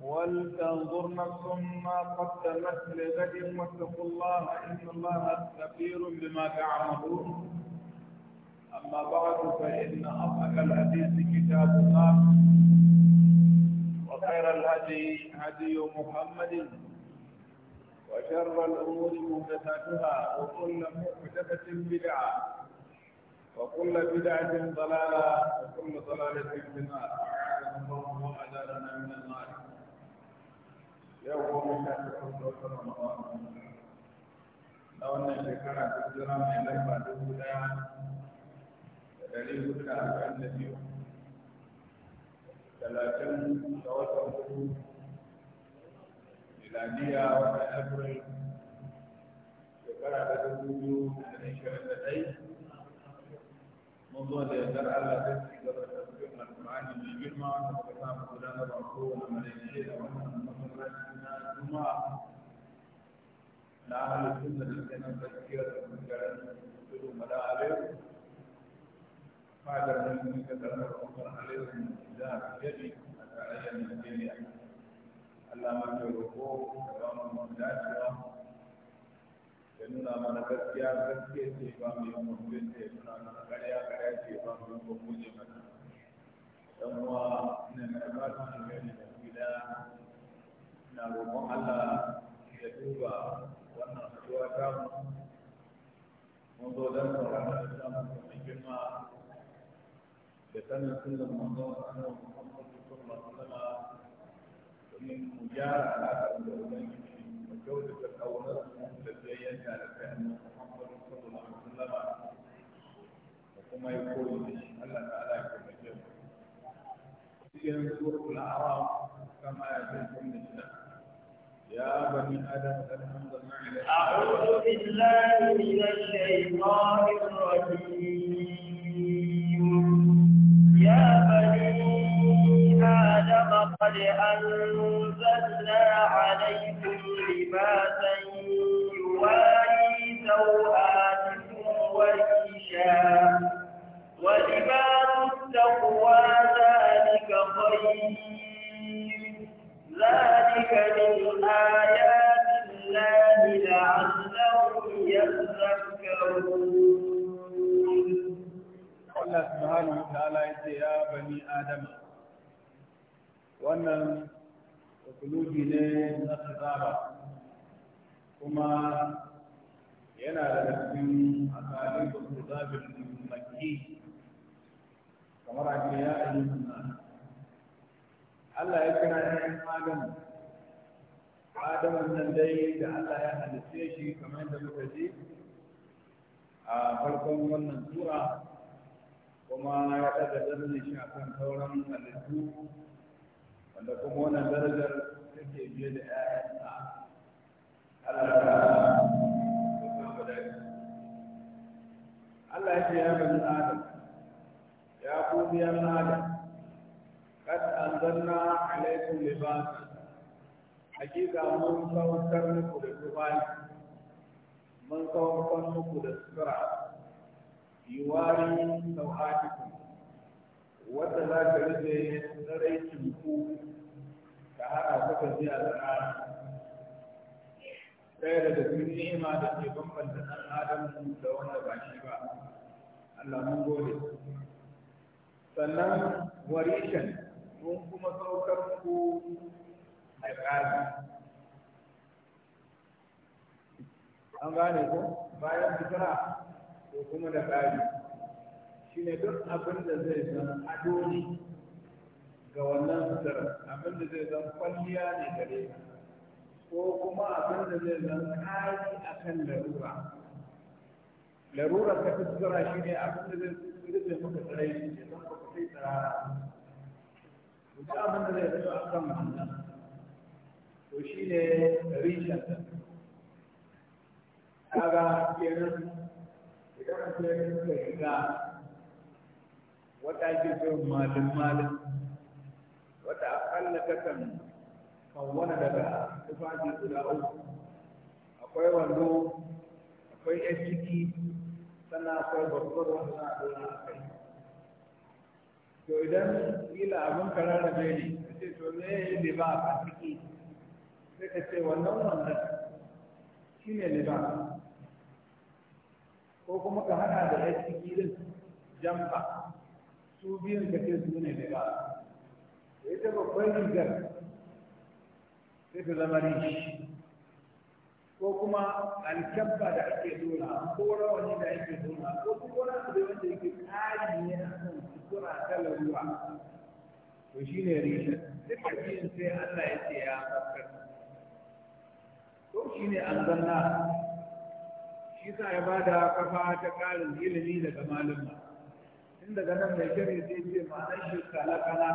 ولتنظر نفس ما قدمت لغد واتقوا الله ان الله خبير بما تعملون اما بعد فان اصدق الحديث كتاب الله وخير الهدي هدي محمد وشر الامور محدثاتها وكل محدثه بدعه وكل بدعه ضلاله وكل ضلاله في النار اعاذنا الله واجارنا من النار yau goma sha takwas da wata ramadan na wannan shekara ta jira mai lamba dubu daya da dari hudu da arba'in da biyu talatin da watan hudu miladiya wata april shekara ta dubu biyu da ashirin da ɗai mun zo da yardar allah ta ci gaba da tafiyar alƙur'ani mai girma da suka samu gudanarwa kowane malaysiya da wannan masallacina na halittun da suke nan gaskiya da garin tudu a tarayyar najeriya allah ma da nuna mana gaskiya gaskiya ce ba mu yi mana ce dan ba su ne da ina roƙon Allah ya duba wannan haɗuwa ta mun zo don saurara da samun mai girma da sanin sunan manzon annabi Muhammad sallallahu alaihi wasallam domin mu gyara alaƙar da ubangiji mu kyautata ƙaunar mu da biyayyanta da kai annabi Muhammad sallallahu alaihi wasallam da kuma ya koyi da shi Allah ta'ala ya kuma cikin suratul a'raf كما يجب من يا بني آدم قد أنزلنا إليكم أعوذ بالله من الشيطان الرجيم يا بني آدم قد أنزلنا عليكم لباسا يواري سوآتكم وريشا ولباس التقوى ذلك خير ذلك من آيات الله لعلهم يذكرون Allah subhanahu wa ta'ala ya ce ya bani Adama wannan kulubi ne na tsaba kuma yana da cikin asalin kulubin maki kamar a ya ayyukan nasu Allah ya kira ‘ya'yan Adamu, Adamu nan dai da Allah ya halitta shi kamar da muka ji a farkon wannan tura kuma ya ɗaga darajar shi a kan sauran halittu wanda kuma wannan darajar take biye da ‘ya'yansa. Allah ta Allah ya ce ya bani Adam, ya kuma ya Adam, anzalna alaikum libasan hakika mun saukar muku da tufani mun saukar muku da sutura yiwari sau'atikum wata za ta rufe tsaraikin ku haɗa ɗaya daga cikin ni'ima da ke bambanta ɗan adam da wanda ba shi ba Allah mun gode sannan warishan mun kuma saukar ku a ƙari an gane ku. bayan fitara ko kuma da ƙari shi ne duk abin da zai zan ado ne ga wannan fitara abin da zai zan kwalliya ne gare ko kuma abin da zai zan ƙari a kan larura larura ta fitara shi ne abin da zai rufe maka tsirai ya zan ba ku sai tsirara da abin da zai fito a kan wannan to shi ne rishar kaga kenan idan an sai suka shiga wata ake ce malin malin wata akalla ta kan kawwana daga tufafi guda uku akwai wando akwai yan ciki sannan akwai babbar wanda na a kai to idan kila abin karara bai ne ka ce to ne ya liba a ciki sai ka ce wannan wannan shi ne liba ko kuma ka hada da ya ciki din jamfa su biyun ka ce su ne liba ita babban rigar sai ta zama rigar ko kuma alkabba da ake dora ko rawani da ake dora ko kuma wani abu wanda yake tsari ne a kan sutura ta laruwa to shi ne rishin duka sai Allah ya ce ya tsaftar to shi ne an zanna shi sa ya ba da kafa ta karin ilimi daga malama. tun daga nan mai kare zai ce ma'anar shi kalakana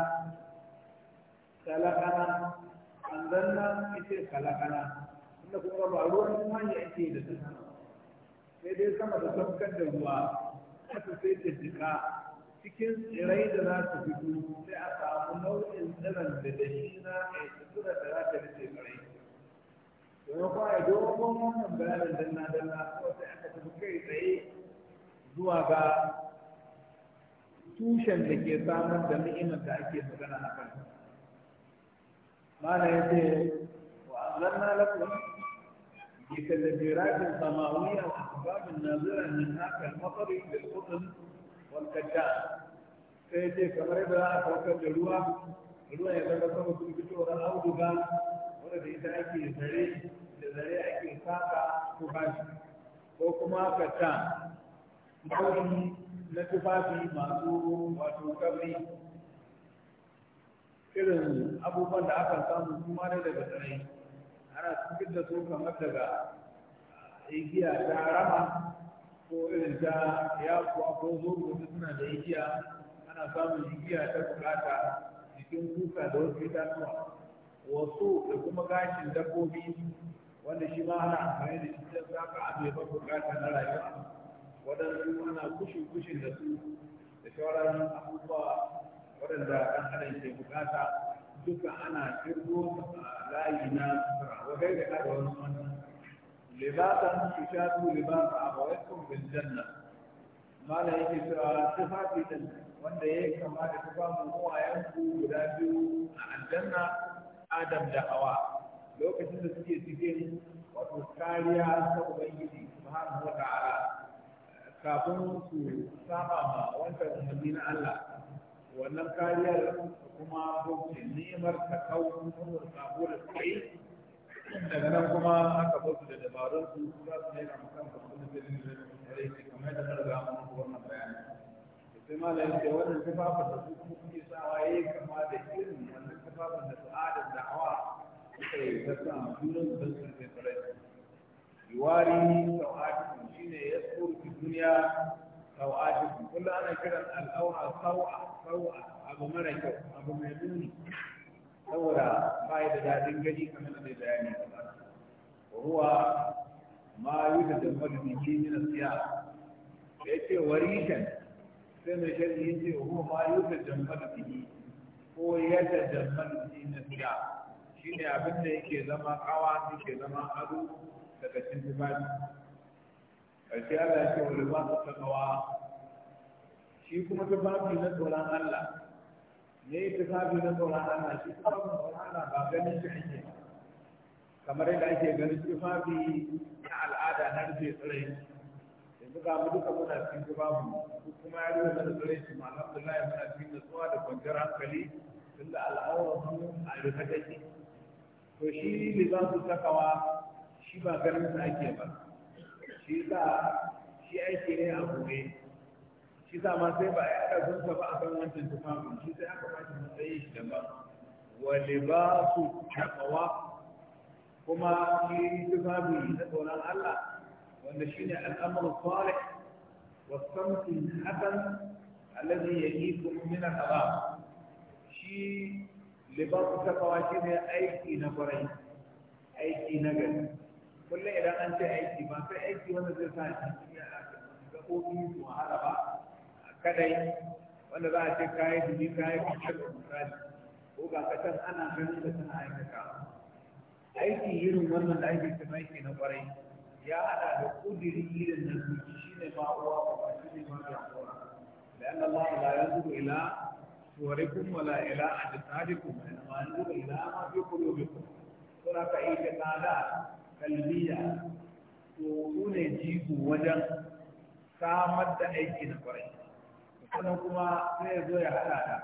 kalakana an zanna ita kalakana inda kuma ba ruwan ma ya ake da su sai dai sama da sabkan da ruwa aka sai da jika cikin tsirai da za su fito sai a samu nau'in tsiran da da shi na a tsira da za ta rike tsirai domin kuma ya dogon wannan bayanin danna danna ko sai aka tafi kai tsaye zuwa ga tushen da ke samar da ni'imar da ake magana a kan. Mana ya ce, wa Allah na lafiya بتدبيرات سماوية وأسباب نازلة من هاك المطر للقطن والكجان سيدي كمر بلا أفرق جلوة جلوة يبقى سوى سوى كتورة أو دبان ورد إذا أكي زري زري أكي ساقا كباش وكما كجان مولم نتفافي معصوب وتوكبري irin abubuwan da aka samu kuma ne daga tsarai ana cikin da su kamar daga ah, igiya ta rama ko irin ta yakuwa ko zobo ta suna da igiya ana samun igiya ta bukata cikin kuka da wasu itatuwa wasu da kuma gashin dabbobi wanda shi ma ana amfani da shi ta zaka abu ya bukata na rayuwa waɗansu ana kushin kushin da su da shawarar abubuwa waɗanda ɗan adam ke bukata duka ana kirgo a layi na sutura wa gaira wani wannan libasan su sha su libasa a sun bin janna mala yake cewa fafi din wanda ya kama da tufafin uwayen su guda biyu a aljanna adam da hawa lokacin da suke cikin wato kariya ta ubangiji hannu wa ara kafin su saba ma wancan umarni na Allah wannan kariyar kuma bauchi nemar ta kawo saboda sabo da suka yi daga nan kuma aka bauchi da dabarun su su za su na musamman da kuma da rai kamar da karga mun wannan bayani sai ma lai da wannan tufafin da su kuma kuke sawa yayi kama da irin wannan tufafin da su'adar da'awa suka yi ta sa sunan da su ne tsirai yuwari ne ya tsoro ki duniya sau'atu kula ana kiran al'aura sau'a sau'a abu mara kyau abu mai nuni saboda ba da daɗin gani kamar da bayani ruwa ma yi da damar jiki na siya ya ce warishan sai mai shan yin ce ruwa ma yi da damar jiki ko yadda damar jiki na siya shi ne abin da yake zama kawa yake zama ado daga cin tufafi ƙarshe Allah ya ce wa libasu takawa shi kuma tufafi na tsoron Allah ne tufafi na tsoron Allah shi kuma tsoron Allah ba ganin shi ake kamar yadda ake ganin tufafi na al'ada na rufe tsirai yanzu ga mu duka muna cikin tufafi ko kuma ya rufe mana tsirai su ma alhamdulillah muna cikin natsuwa da kwanciyar hankali da al'aurar mu a rufe take to shi libasu takawa shi ba ganin sa ake ba shi za shi aiki ne a kure shi za ma sai ba a yada zunsa ba a kan wancan tufafin shi sai aka ba shi matsayin shi daban wa su taqwa kuma shi tufafi na tsoron Allah wanda shi ne salih wa samtu hasan alladhi yajikum min al-haram shi libasu shi ne aiki na kwarai aiki na gari kullum idan an ce aiki ba sai aiki wanda zai sa shi ga obi su wahala ba kadai wanda za a ce kayan jini kayan kushar misali ko ga kacan ana ganin da tana aikata aiki irin wannan da ake cin aiki na kwarai ya hada da kudiri irin na zuci shi ne ma uwa ba, ba shi ne ma jagora da yan Allah la yanzu ila suwarikum wala ila ajsadikum ma yanzu ila ma fi qulubikum sura ka ikata da kalbiya to su ne jigo wajen samar da aiki na kwarai sannan kuma sai ya zo ya hada da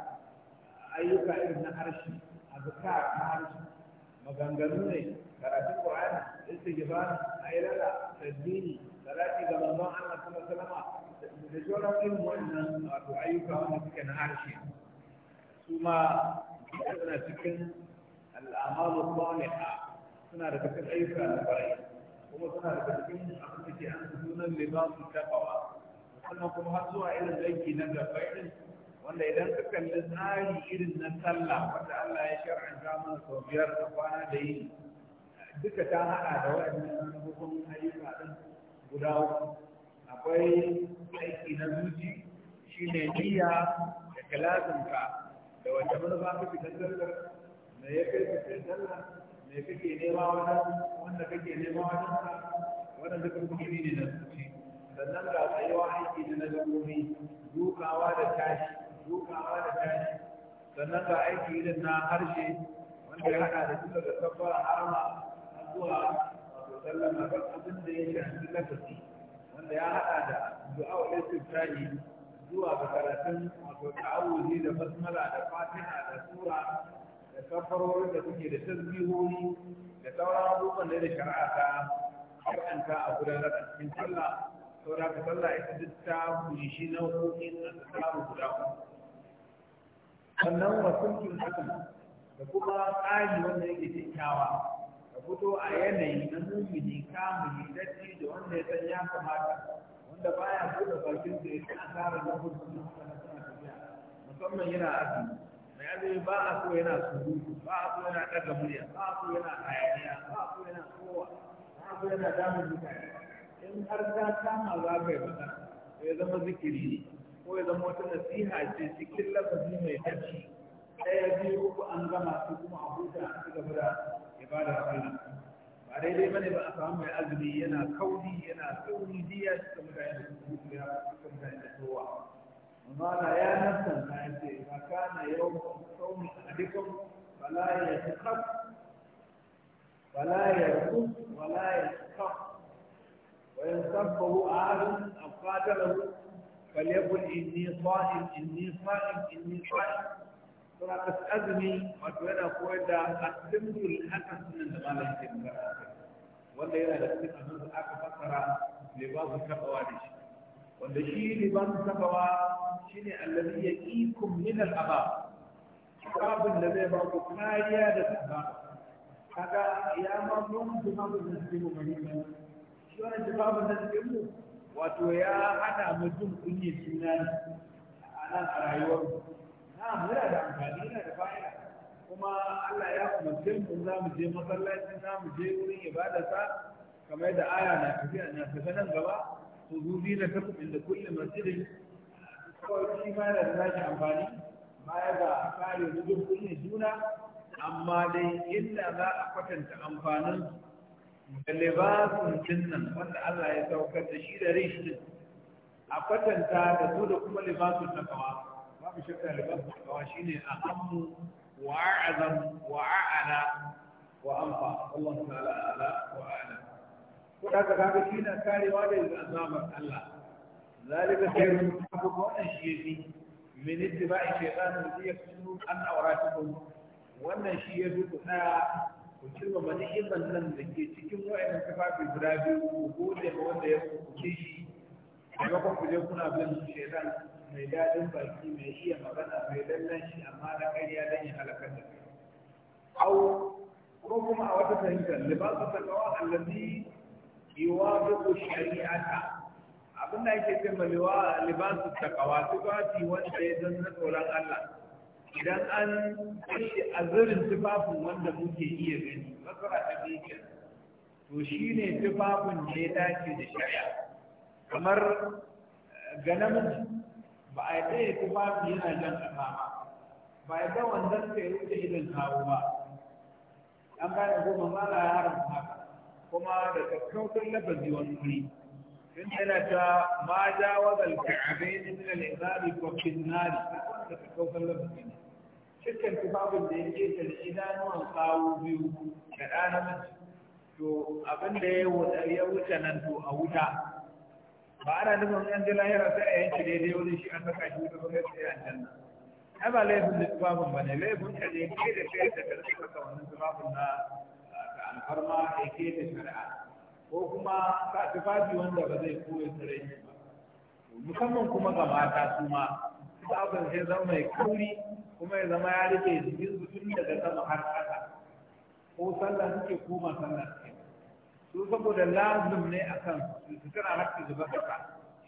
ayyuka irin na harshe a zuka na harshe maganganu ne karatun qur'ani istighfar ayyala tasbihi salati ga manzon Allah sallallahu alaihi wasallam da sauran irin wannan wato ayyuka wanda suke na harshe su ma suna cikin al'amalu salihah suna da cikin ayyuka na kwarai kuma suna da cikin abin da ke an sunan limamin takawa sannan kuma har zuwa irin aiki na gaba irin wanda idan ka kalli tsari irin na sallah wanda Allah ya shar'anta mana sau biyar a kwana da yi duka ta haɗa da waɗannan hukun ayyuka ɗin guda akwai aiki na zuci shine niyya da kalazinka da wata manufa ka fitar da ya kai fitar me kake nema wajen wanda kake nema wajen sa wannan duka kuɗi ne na zuci sannan ga tsayuwa aiki da na gabobi dukawa da tashi dukawa da tashi sannan ga aiki irin na harshe wanda ya haɗa da duka ga sabbara arma na zuwa wato sallama kan abin da ya shafi lafazi wanda ya haɗa da du'a wa istiftahi zuwa ga karatun wato ta'awuzi da basmala da fatiha da sura da kafarorin da kuke da tasbihohi da sauran abubuwan da shari'a ta shar'anta a gudanar a cikin sallah saboda ka sallah ita duk ta kunshi nau'o'in azkaru guda ku. sannan wa sunkin hakan da kuma tsari wanda yake kyakkyawa ka fito a yanayi na mumini kamuni datti da wanda ya san ya kamata wanda baya buɗe bakin da ya san asarar na hudu na ta tafiya musamman yana azumi azumi ba a so yana surutu ba a so yana daga murya ba a so yana hayaniya ba a so yana kowa ba a so yana damun mutane in har ta kama za ka yi magana ya zama zikiri ne ko ya zama wata nasiha ce cikin lafazi mai tafi ya biyu uku an gama su kuma a huta a ci gaba da ibadar Allah ba daidai bane ba a samu mai azumi yana kauri yana tsauri diya cikin mutane da suka mutane da kowa amma ya nasan ta yace ba kana yau sauni alaikum fala wala ya yasqaf wala ya yasqaf wa yansabahu ahad aw qatalahu falyakun inni sa'im inni sa'im inni sa'im sura ta azumi wato yana koyar da asimul hakan sunan da malamin ke wanda yana da cikin abin da aka fassara ne babu karbawa da shi wanda shi liban takawa shine allazi yaqikum min al-aba abin da zai ba ku kariya da tsaba kaga ya ma mun kuma mun da mu mai ne shi wannan jawabin da zai mu wato ya hana mu jin kunye suna a nan a rayuwar na muna da amfani yana da fa'ida kuma Allah ya umarce mu za mu je masallaci za mu je wurin ibadarsa kamar da aya na tafiya na nan gaba خذوا دينكم عند كل مسجد kawai shi ma yana da nashi amfani baya ga kare gudun kunne juna amma dai inda za a kwatanta amfanin da libasun jinnan wanda Allah ya saukar da shi da rishin a kwatanta da su da kuma libasun takawa babu shakka libasun takawa shine a ammu wa a'azam wa a'ala wa amfa Allah ta'ala ala wa a'ala haka kaga shi na karewa da yanzu azabar Allah zalika khairun haka wannan shi yafi min ittiba'i shaytan alladhi yaqulu an awratukum wannan shi yafi ku tsaya ku kirma mani iman nan da ke cikin wa'annan kafafi guda biyu ku gode wanda ya kuke shi maimakon ku je kuna bin shaytan mai dadin baki mai iya magana mai lallan shi amma da ƙarya dan ya halaka da kai ko kuma a wata fahimtar libasu takawa allazi yuwafiqu shari'ata abin da ake cewa liwa libasu takawa tufafi wanda ya zan na Allah idan an kashe azurin tufafin wanda muke iya gani masara ta bikin to shine tufafin da ya dace da shari'a kamar ga ba a yi tufafi yana jan ƙasa ba a yi ta wanzan ka wuce idan kawo ba an gane goma mala ya haramta kuma da kakkausar lafazi wani wuri in yana ta ma ja wazal ka'abai ne min al-izari ko kinnari wannan da kakkausar lafazi ne cikin tufafin da ya keta da idanuwan kawo biyu da ɗa namiji to abin da ya wuce nan to a wuta ba ana nufin an ji lahira sai a yanki daidai wani shi an saka shi wuta ba sai sai an janna ai ba laifin da tufafin ba ne laifin ka ne ke da kai da kai da wannan tufafin na har ma ya keta shari'a ko kuma ka tufafi wanda ba zai koya sarai ba musamman kuma ga mata su ma abin sai zama mai kauri kuma ya zama ya rike jikin su tun daga sama har ƙasa ko sallah suke koma sallah suke su saboda lazim ne a kan su tana hakki zuba ƙasa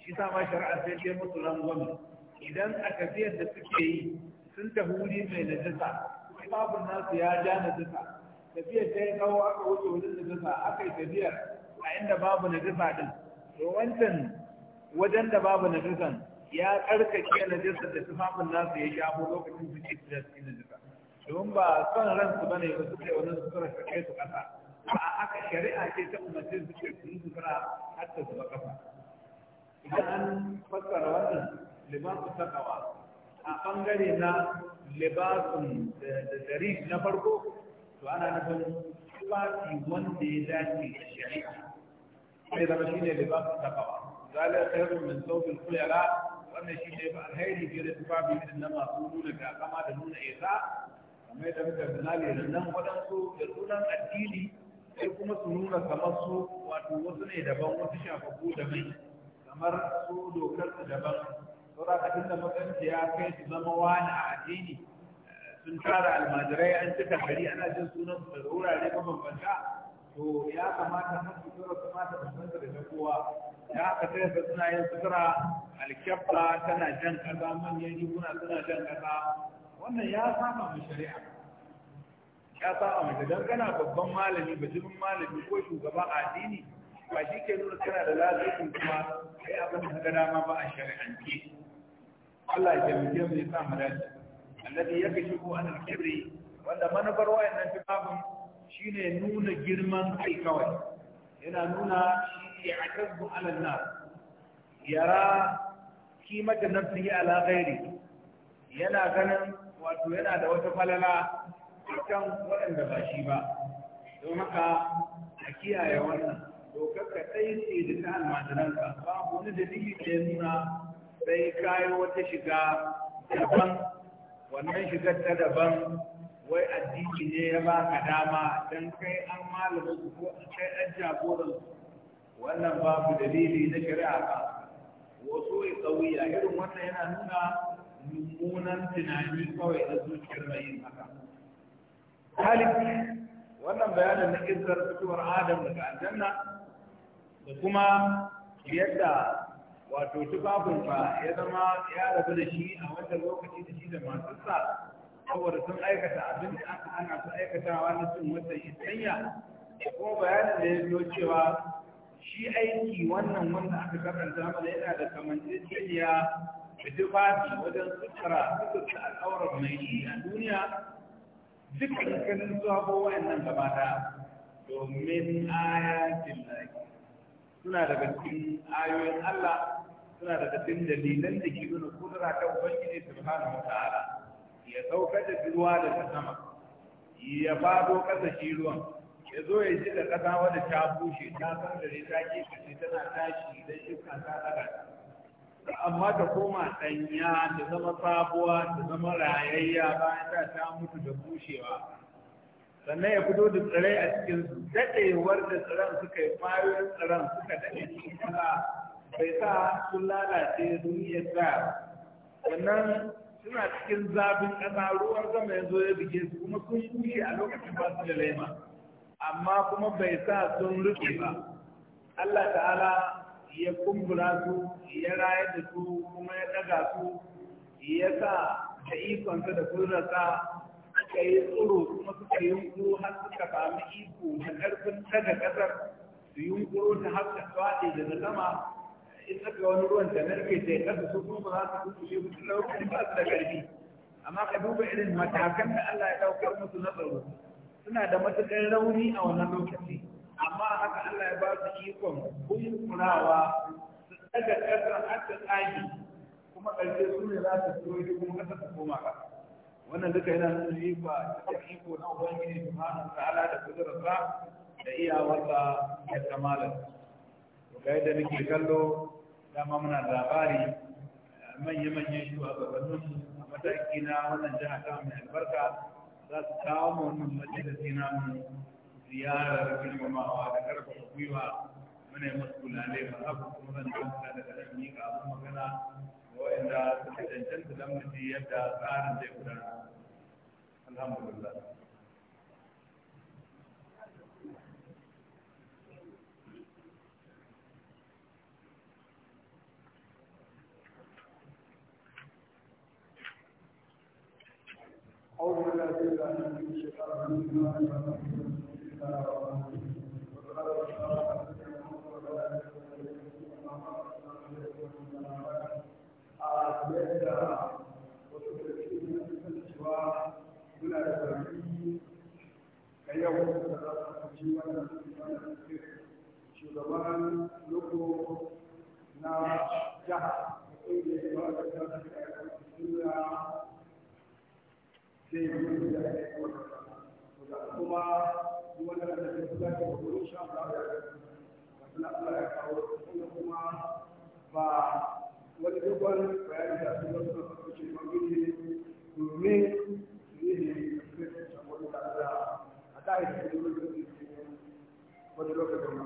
shi sa ma shari'a sai dai musu rangwame idan a tafiyar da suke yi sun tafi wuri mai najasa babu nasu ya ja najasa tafiyar ta yi kawo aka wuce wajen najasa aka yi tafiyar a inda babu najasa din to wancan wajen da babu najasan ya karkake najasar da tufafin nasu ya shafo lokacin su ke da cikin najasa domin ba son ransu bane ba su kai wannan sutura kai su kasa a aka shari'a ce ta umarci su ke su sutura har ta zuba kafa idan an fassara wannan libasu takawa a bangare na libasun da dari na farko to ana nufin tufafi wanda ya dace da shari'a sai zama shi ne da libasin takawa zalar khairun min saufin kuyala wannan shi ne ba alheri fiye da tufafi irin na masu nuna takama da nuna isa kamar yadda muka zinali da nan waɗansu da sunan addini sai kuma su nuna kamar su wato wasu ne daban wasu shafafu da mai kamar su dokar su daban saura da inda matsanci ya kai su zama wani a addini sun tara almajirai an cika gari ana jin sunan su daga wurare mabambanta to ya kamata mun sutura su mata bambanta da kowa ya aka sai su suna yin sutura alkyabba tana jan kaza manyan riguna suna jan kaza wannan ya saba mu shari'a ya saba mu da kana babban malami bajirin malami ko shugaban addini ba shi ke nuna kana da lafiyar kuma sai abin da ka dama ba a shari'ance Allah ya jami'ai mu ya sa mu dace alladhi yakshifu an al-kibri wanda manufar wayannan tufafin shine nuna girman kai kawai yana nuna shi ya'tazu ala an-nas yara kimata nafsihi ala ghairi yana ganin wato yana da wata falala akan waɗanda ba shi ba don haka a kiyaye wannan dokar ka tsaye ce da ta almajiranka babu wani dalili da ya nuna sai kayi wata shiga daban wannan shigar ta daban wai addini ne ya ba ka dama don kai an malamin su ko an kai an jagoran wannan babu dalili na shari'a ba wasu ya tsawiya irin wannan yana nuna mummunan tunani kawai na zuciyar mai yin haka halik wannan bayanin na izzar fitowar adam daga aljanna da kuma yadda wato tufafin ba ya zama ya rabu da shi a wanda lokaci da shi da matarsa saboda sun aikata abin da aka ana su aikatawa na cin wata isanya da kuma bayanin da ya biyo cewa shi aiki wannan wanda aka karanta mana yana da kamanceceniya da tufafi wajen sutura sutura al'aurar mai yi a duniya dukkan kanin su hako wayannan gabata domin ayatin lafi suna daga cikin ayoyin Allah suna da cikin dalilan da ke nuna kudura ta su fara mutara. ya sauka da ruwa ta sama ya fado kasa shi ruwan ya zo ya ji da kasa wadda ta bushe ta san da ta ke kace tana tashi idan shuka ta daga amma ta koma sanya, da zama sabuwa ta zama rayayya bayan ta ta mutu da bushewa sannan ya fito da tsirai a cikin daɗewar da tsiran suka yi fayoyin tsiran suka daɗe cikin bai sa sun lalace duniyar da sannan suna cikin zafin ƙasa ruwan sama ya ya bige su kuma sun bushe a lokacin ba su da laima amma kuma bai sa sun rufe ba Allah ta'ala ya kumbura su ya rayar da su kuma ya ɗaga su ya sa da ikonsa da kudurarsa suka yi tsoro kuma suka yunku har suka sami iko da ƙarfin daga ƙasar su yunkuro ta har ta da sama in saka wani ruwan da narke sai kasa su kuma za su kuskushe su tun lokacin ba su da ƙarfi amma ka duba irin matakan da Allah ya ɗaukar musu na tsaro suna da matuƙar rauni a wannan lokaci amma haka Allah ya ba su ikon kunkurawa su daga ƙasar har ta kuma ƙarshe su ne za su soji kuma ƙasar su koma ƙasa wannan duka yana nuna iko a iko na ubangiji subhanahu wa ta'ala da kudurarsa da iyawarsa da kamalarsa ga da nake kallo dama muna labari manya manya shi a mataki na wannan jihar ta mai albarka za su kawo mu wannan majalisi na mu ziyarar girmamawa da karfafa gwiwa muna yi masu kulale ba haka kuma zan dauka daga nan ni ga abin magana da inda suka cancanta don mu yadda tsarin zai gudana alhamdulillah أعوذ بالله إلا أن من الشيطان الرجيم shugaban loko na jihar da sai ya yi da ake kuma ba kuma sha Allah ya suna ya kawo kuma ba wani bayani da su domin su yi ne a cikin wani da Allah a da su wani lokacin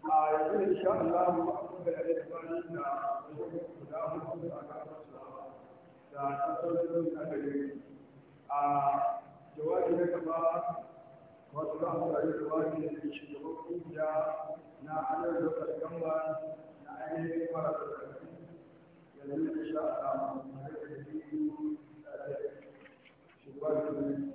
a yanzu Allah mu da ya wani da da da da a jawabi na gaba wasu za mu rayu jawabi da ke shugaban kungiya na anar da karkamba na ainihin fara da karfi yanzu da sha a samu da ke shugaban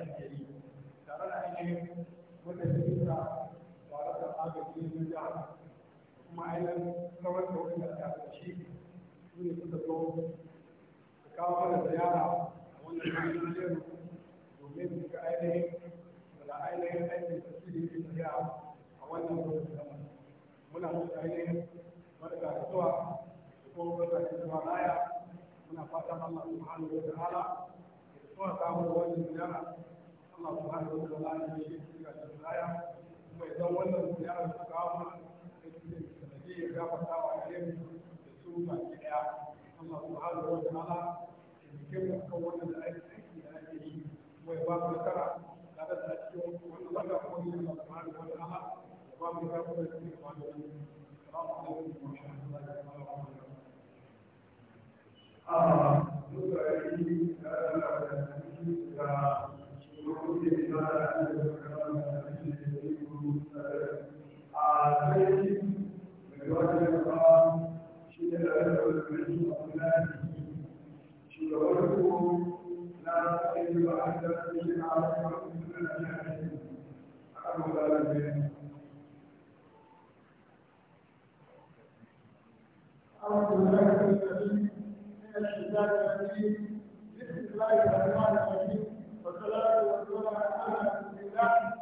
yi tare da ainihin mutafisa tare da agaji na jihar kuma ainihin kawar da wanda ta shi su ne suka zo da kawo da ziyara a wannan ainihin jeru domin su ga ainihin da ainihin aikin tasiri da tafiya a wannan lokacin da muna da da Allah subhanahu wa kuma samun wannan ziyara Allah su hajji wata lana da shi suka da baya kuma idan wannan ziyara su kawo mana da cikin sanadi ya gabata wa gare mu da su baki daya Allah su hajji wata lana da cikin da kan wannan da ake aiki da ake yi kuma ya ba mu nasara kada da cikin wannan wanda kuma yi Allah su hajji wata lana ya ba mu nasara kuma da cikin wani wani. Assalamu alaikum warahmatullahi wabarakatuh. الصحابي الوالد القام شيء الأمر الرجل أولاده شيء ورده لا تقل بعد رجل على ربنا جاهد أبو غالب أعوذ بالله من الشيطان الرجيم بسم الله الرحمن الرحيم والصلاة والسلام على رسول الله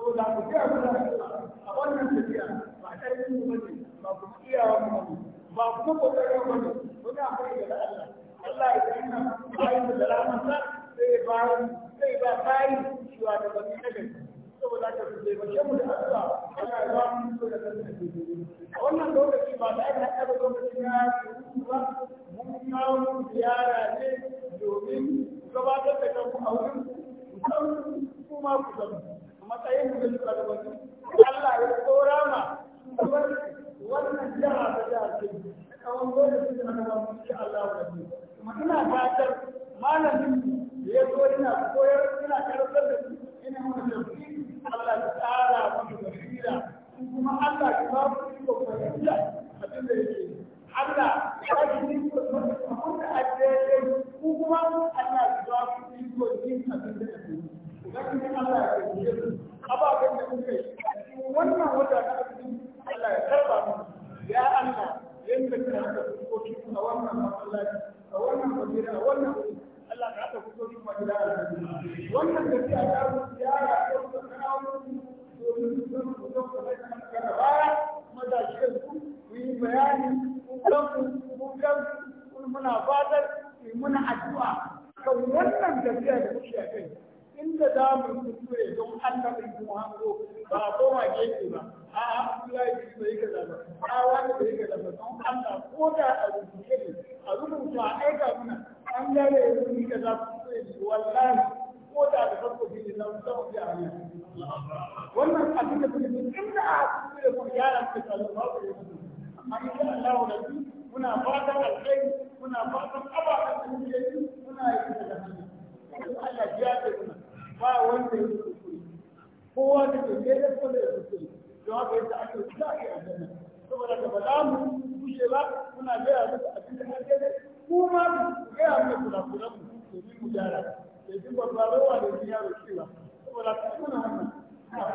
saboda ku ga ku da a wannan tafiya ba ƙarfin mu bane ba ku bane ba ku bane muna da Allah Allah ya tsina bayin da ramansa sai bayin sai ba da bani saboda ka bace mu da Allah Allah ya ba mu da a wannan lokaci ba da aka haɗa lokacin ya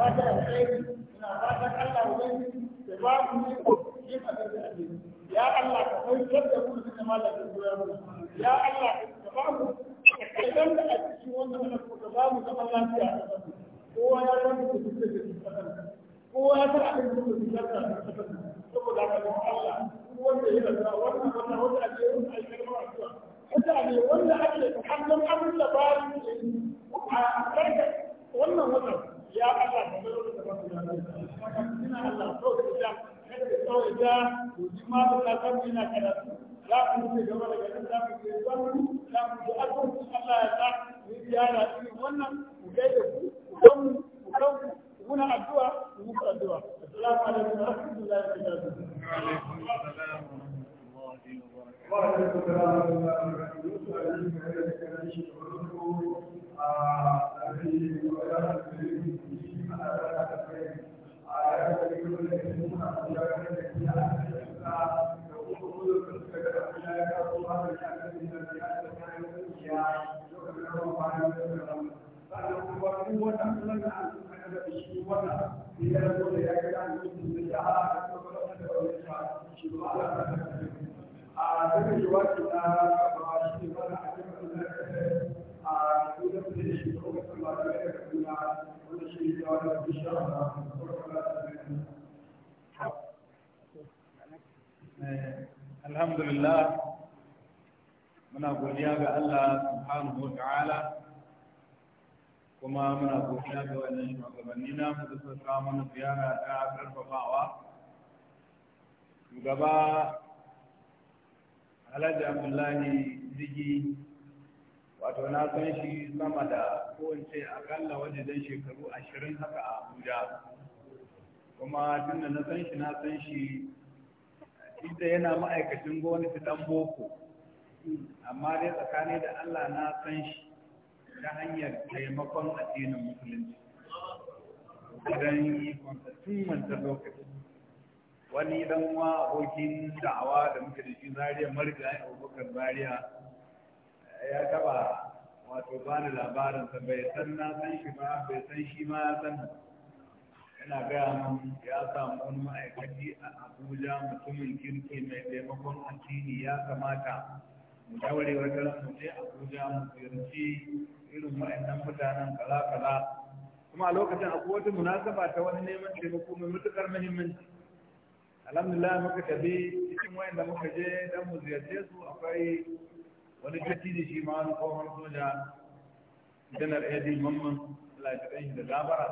fata ya ba mu iko ya Allah ka kautar da mu da malakin mu ya Allah ka ba mu da kai da a cikin wannan ka ba mu zaman lafiya kamun mana ziyara ta karfafawa shugaba alhaji abdullahi zigi wato na san shi sama da kowace akalla wajen shekaru ashirin haka a abuja kuma tun da na san shi na san shi inda yana ma'aikacin gwamnati dan boko amma dai tsakani da allah na san shi ta hanyar taimakon addinin musulunci idan lokaci wani dan wa abokin da'awa da muke da shi zariya marga ya abubakar zariya ya taba wato bani labarin sa bai san na san shi ba bai san shi ma ya san yana gaya min ya samu wani ma'aikaci a abuja mutumin kirki mai taimakon addini ya kamata mu daure wata mu je abuja mu ziyarci irin wa'annan mutanen kala-kala kuma a lokacin akwai wata munasaba ta wani neman taimako mai matukar muhimmanci alhamdulillah muka tafi cikin wayanda muka je dan mu ziyarce su akwai wani da shi ma wani kofar soja janar edi mamman lafiyan da gabara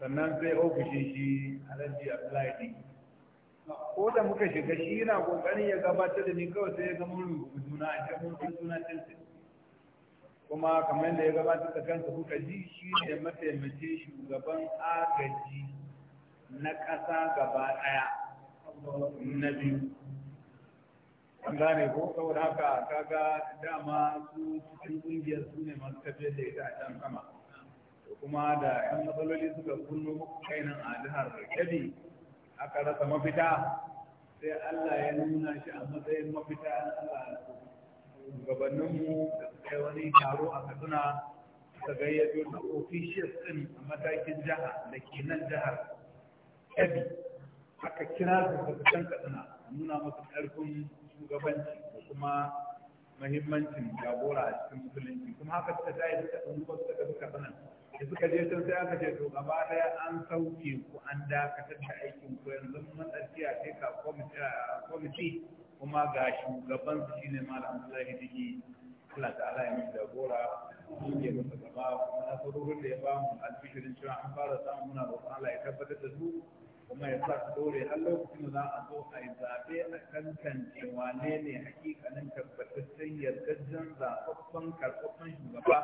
sannan sai ofishin shi alhaji abdullahi ko da muka shiga shi yana kokarin ya gabatar da ni kawai sai ya gama mun rubutu a can mun suna tinsin kuma kamar da ya gabatar da kansa kuka ji shi ne mataimakin shugaban agaji na ƙasa gaba ɗaya na biyu an gane ko saboda haka kaga dama su cikin ƙungiyar su ne masu tafiyar da ita a can sama kuma da yan matsaloli suka kunno kainan a jihar kebbi aka rasa mafita sai allah ya nuna shi a matsayin mafita allah shugabanninmu da suka yi wani taro a kaduna suka gayyato da officials din a matakin jihar da ke nan jihar ebi aka kira su daga can a nuna masu ƙarfin shugabanci da kuma mahimmancin jagora a cikin musulunci kuma haka suka tayi suka ɗan kuma suka tafi kaduna da suka je can sai aka ce to gaba ɗaya an sauke ku an dakatar da aikin ku yanzu mun ɗauki a sai ka kwamiti kuma ga shugaban su shine malam Abdullahi Diki Allah ta'ala ya mishi jagora ya masa gaba kuma nasarorin da ya ba mu alfishirin cewa an fara samun muna roƙon Allah ya tabbatar da su kuma ya sa su dore har lokacin da za a zo a yi zaɓe a tantance wane ne hakikanin tabbataccen yardajjen zaɓaɓɓen karɓaɓɓen shugaba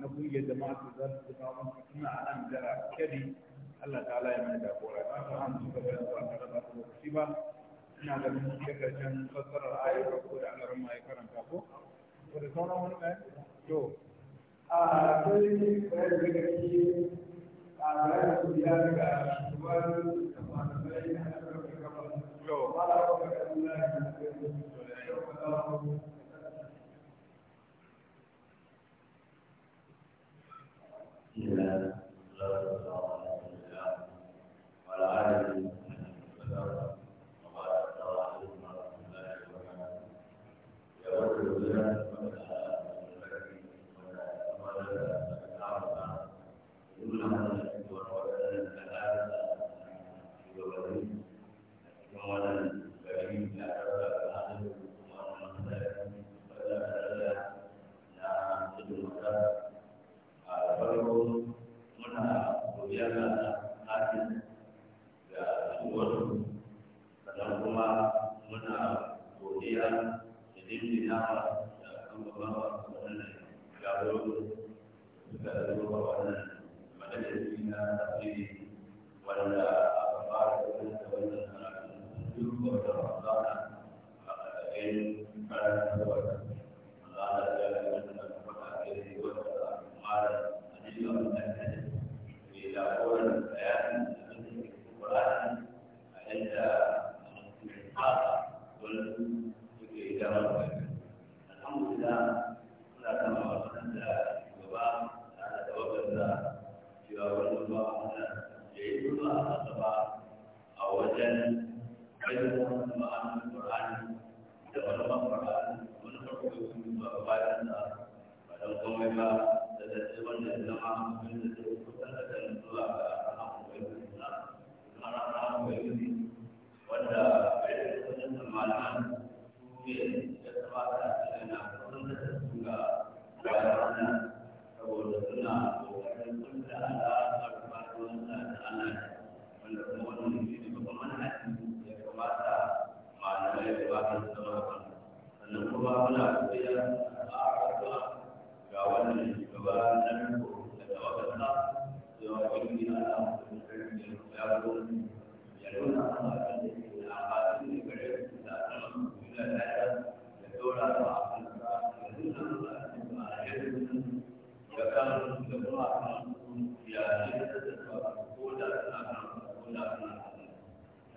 na kungiyar jama'a su za su zama wasu suna a nan da kadi. Allah ta ta'ala ya mai jagora ba ta hannu da ba ta raba lokaci ba ina da mun ke karshen fassarar da alaran karanta ko ko da sauran wani ɗaya to a da a shugaban da alaran kafa ko da da yau da wannan majalisi na tafsiri wanda aka fara da wannan a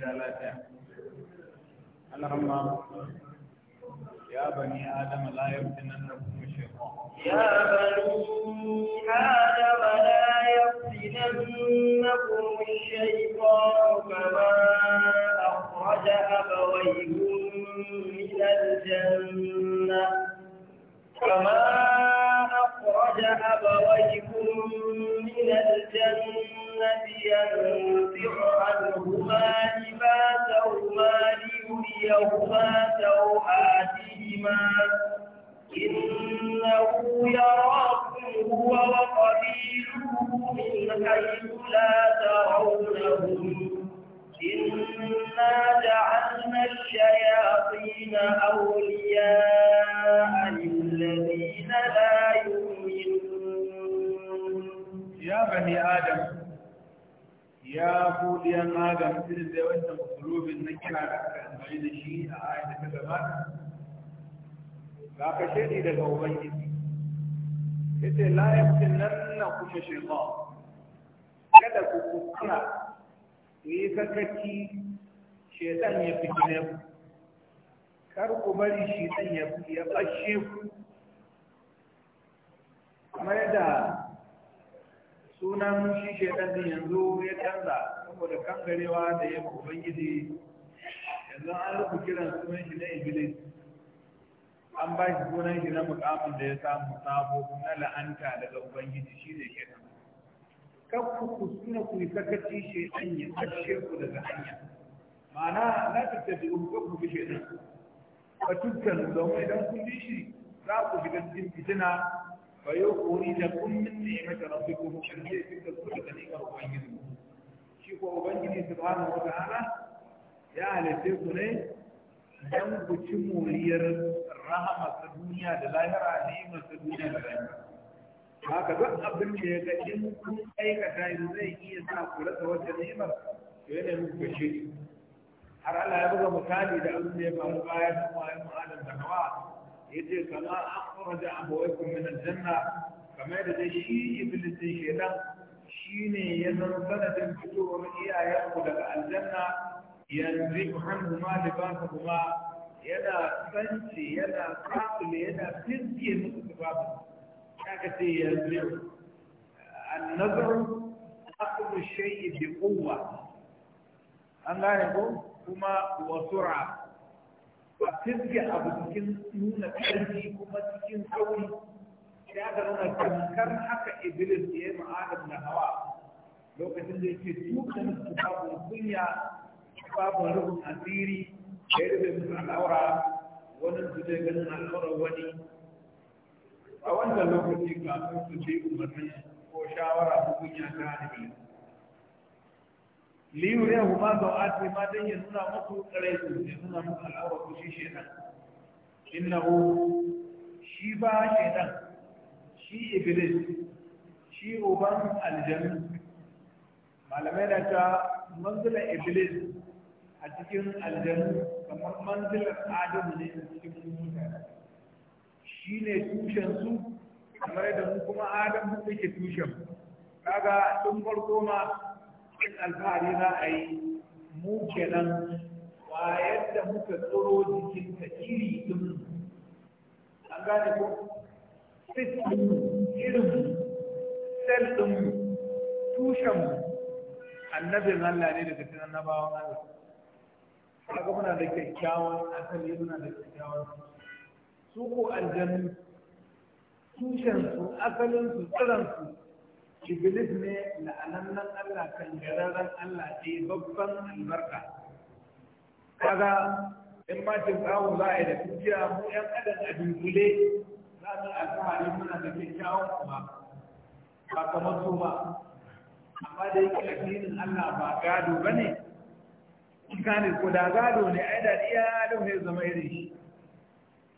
gida lafiya اللهم يا بني آدم لا يفتننكم الشيطان يا بني آدم لا يفتننكم الشيطان كما أخرج أبويكم من الجنة كما أخرج أبويكم من الجنة ينفع عنهما لباسهما ليريهما سوآتهما إنه يراكم هو وقبيله من حيث لا ترونهم إنا جعلنا الشياطين أولياء للذين لا يؤمنون يا بني آدم يا بوليان آدم إذن دي وإنت مطلوب إنك على أكثر بعيد الشيء آية كذبات لا كشيء لك أبيتي لا يفتنن كل شيطان kada ku kuskura ku yi sakaci shaitan ya fitine ku kar ku bari shaitan ya ya bashe ku kamar yadda sunan shi shaitan din yanzu ya canza saboda kangarewa da ya gidi yanzu an rufe kiran sunan shi na iblis an ba shi sunan shi na mukamin da ya samu sabo na la'anta daga ubangiji shi ne shaitan kakku kuskura ku yi sakaci shaidan ya tashe ku daga hanya Mana na tattabi ku kakku bi shaidan ba tukkan domin idan kun bi shi za ku shiga cikin fitina fa yau kori da kun min ni'imata rabbikum in zai fitar ku daga ni'imar ubangiji shi ko ubangiji subhanahu wa ta'ala ya halitta ku ne dan ku ci moriyar rahama ta duniya da lahira ne ta duniya da lahira haka duk abin da ya ga in kun aikata yanzu zai iya sa ku rasa wata ni'imar to yana muku gashi har Allah ya buga misali da abin da ya faru bayan da kuma ayyukan adam da ya yace kama an kharaja abawaykum min aljanna kama da dai shi iblis din shedan shine ya san sanadin fitowar iyayenku daga aljanna yanzu hanhuma kuma yana sanci yana kafile yana fiske musu tufafinsu aka ce yanzu annazar akwai shayi bi kowa an gane ko kuma wasura a fiske abu cikin nuna ƙarfi kuma cikin sauri ya ga nuna tamkar haka iblis ya yi ma'adar da hawa lokacin da yake tukan su babu kunya babu rubun asiri ya rufe musu al'aura wani su zai ganin al'aurar wani a wannan lokaci ga su ce umarni ko shawara ko kunya ta hannun liyu ya huma ga ati ma dan ya nuna muku tsare su ne nuna muku alawa ku shi Inna hu shi ba shedan shi iblis shi uban aljannu malamai na ta manzilar iblis a cikin aljannu kamar manzilar adamu ne a cikin mutum shi ne tushensu kamar da mu kuma adam mu ke tushen kaga tun farko ma in alfahari za a yi mu kenan wa yadda muka tsoro jikin ka iri din an gane ko sitin irin sel din tushen annabin Allah ne daga cikin annabawan Allah kaga muna da kyakkyawan asali muna da kyakkyawan su ko aljanu tushensu asalinsu tsiransu iblis ne la'anannan allah kan kangararren allah ne babban albarka kaga in ma tinkawun za a yi da kujiya mu yan adam a za mu alfahari muna da kyakkyawan kuma ba kamar su ba amma da yake addinin allah ba gado ba ne ko da gado ne ai da iya don zama irin shi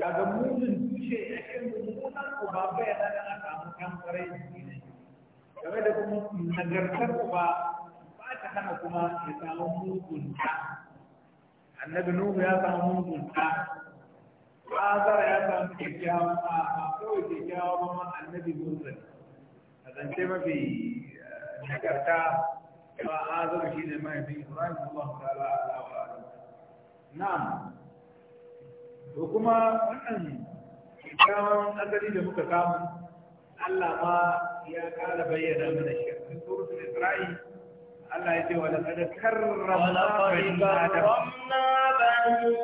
kaga munin tushe ya ke mummunan uba bai hana a samu ɗan ƙwarai da ne game da kuma nagartar uba ba ta hana kuma ya samu mugun ta annabi nuhu ya samu mugun ta azara ya samu kyakkyawan a kawai kyakkyawan ma annabi musul a zance mafi eh, nagarta ba azara shi ne mahaifin ibrahim allah ta'ala ala wa na'am to kuma wannan kyakkyawan asali da muka samu Allah ma ya ƙara bayyana mana shi a suratul Isra'i Allah ya ce wa laqad karramna bani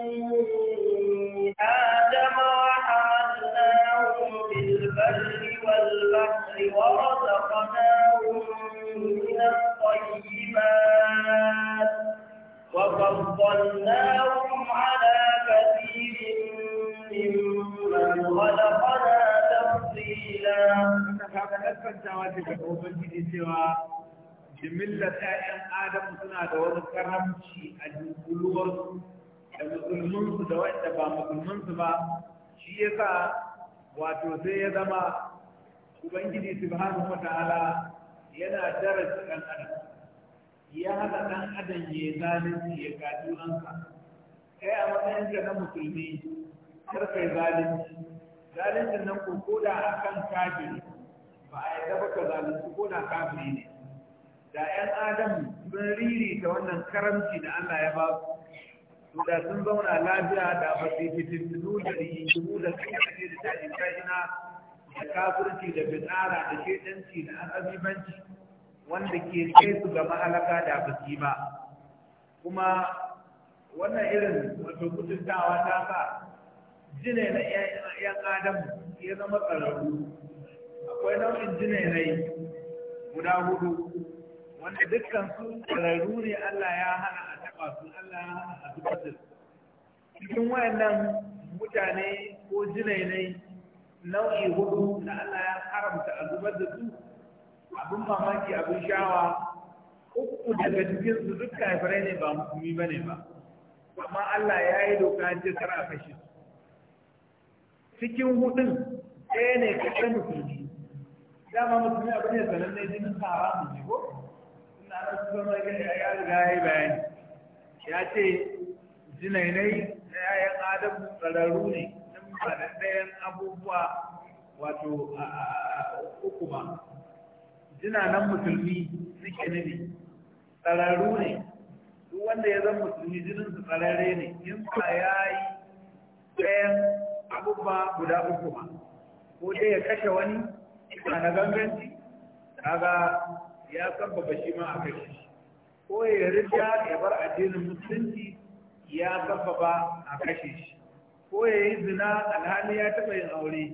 adam wa hamalnahum fil barri wal bahri wa razaqnahum min at-tayyibat وفضلناهم على كثير ممن خلقنا تفصيلا هذا نسبة جواز الحكومة سوى jimillar ‘ya'yan Adamu suna da wani karamci a jikuluwarsu da musulmansu da wadda ba musulmansu ba, shi ya sa wato sai ya zama Ubangiji Subhanahu wa ta'ala yana daraja ɗan adam. ya haɗa ɗan adam ya zalunci ya gaji ranka kai a matsayin ka na musulmi kar kai zalunci zalunci nan ko da a kan kafiri ba a yi dafa ka zalunci ko da kafiri ne da 'yan adam sun riri ta wannan karamci da Allah ya ba su da sun zauna lafiya da ba su fitintunu da rikimu da yi da jajin da kafirci da fitsara da shaidanci, da azabibanci wanda ke kai su ga mahalaka da baki ba kuma wannan irin wato mutuntawa ta ka jine na yan adam ya zama tsararru akwai nau'in jine rai guda hudu wanda dukkan su tsararru ne Allah ya hana a taba su Allah ya hana a zubar su cikin wayannan mutane ko jine nau'i hudu na Allah ya haramta a zubar da su abin mamaki abin sha'awa uku daga cikin su duk kafirai ne ba musulmi bane ba amma Allah ya yi doka ce kar a kashe cikin hudun ɗaya ne kaɗai musulmi dama musulmi abin ne sanar ne jinin mu ne ko ina da su zama ya riga ya yi bayani ya ce jinainai na yayan adam tsararru ne tun ba da ɗayan abubuwa wato uku ba suna nan musulmi suke ne tsararru ne duk wanda ya zan musulmi jininsu tsararre ne in ba ya yi ɗayan abubuwa guda uku ba ko dai ya kashe wani ita na ganganci kaga ya sabbaba shi ma a kashe shi ko ya rija ya bar addinin musulunci ya sabbaba a kashe shi ko ya yi zina alhali ya taɓa yin aure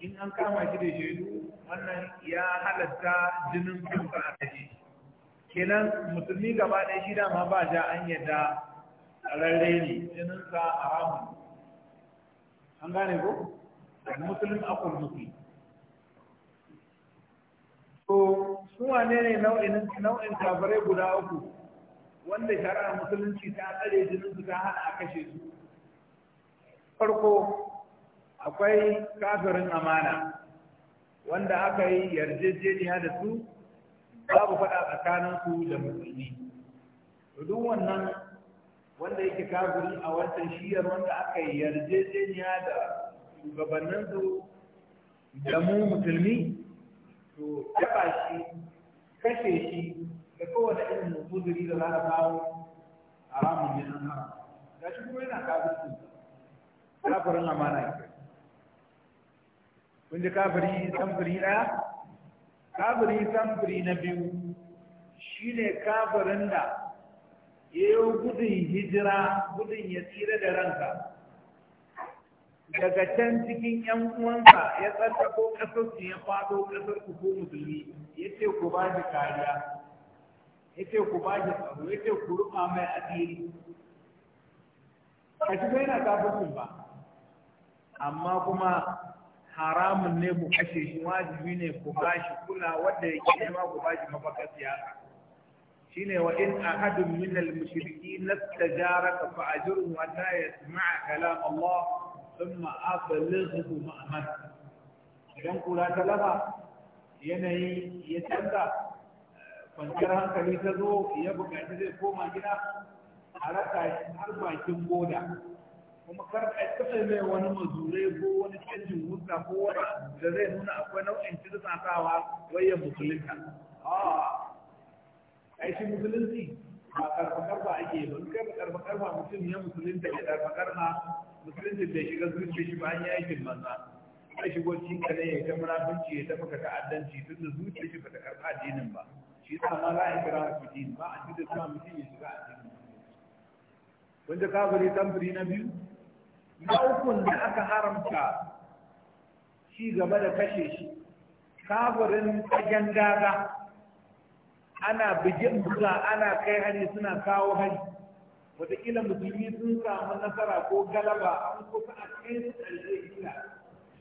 in an kama shi da shaidu wannan ya halatta jinin kansa a kaji kenan musulmi gaba ɗaya shi dama ba ja an yadda rarre ne jininsa ramu an gane ko musulun akul musulmi to su wane ne nau'in nau'in kafirai guda uku wanda shari'ar musulunci ta tsare jinin su ta hana a kashe su farko akwai kafirin amana wanda aka yi yarjejeniya da su babu faɗa tsakaninku da musulmi duk wannan wanda yake kafiri a wancan shiyar wanda aka yi yarjejeniya da shugabanninsu da mu musulmi to taɓa shi kashe shi da kowane irin musulmi da za a kawo a ne nan haram ga shi kuma yana kafirci kafirin amana ke kun ji kafiri samfuri ɗaya kafiri samfuri na biyu shine kafirin da ya yi gudun hijira gudun ya tsira da ranka daga can cikin ‘yan uwansa ya ko ƙasar su ya faɗo ƙasar ku ko musulmi ya ce ku ba shi kariya ya ce ku ba shi tsaro ya ce ku rufa mai asiri a shi bai na kafin ba amma kuma haramun ne mu kashe shi wajibi ne ku bashi kula wanda yake nema ku bashi mafakar siyasa shine wa in ahadun min al-mushrikin nastajaraka fa ajruhu hatta yasma'a kalam Allah thumma ablighu ma'man idan kula ta yanayi ya canza kwanciyar hankali ta zo ya bukaci zai koma gida a rasa har bakin boda kuma kar a taɓa mai wani mazurai ko wani canjin wuta ko wani da zai nuna akwai nau'in tirsatawa wayan musulunta a ah, shi musulunci ba karfakar ba ake ba in kai karfakar ba mutum ya musulunta ya karfakar karfa musulunci bai shiga zuciya shi ba an yi aikin banza a shigo cikin kare ya ta munafunci ya ta maka ta'addanci tun da zuciya shi ba ta karfa addinin ba shi sa ma za a kira su din ba a cikin sa mutum ya shiga addinin wanda kafiri tamfiri na biyu na ukun da aka haramta shi gaba da kashe shi kafirin fagen daga ana bijin buga ana kai hari suna kawo hari wataƙila musulmi sun samu nasara ko galaba an kusa a kai su ƙarshe gina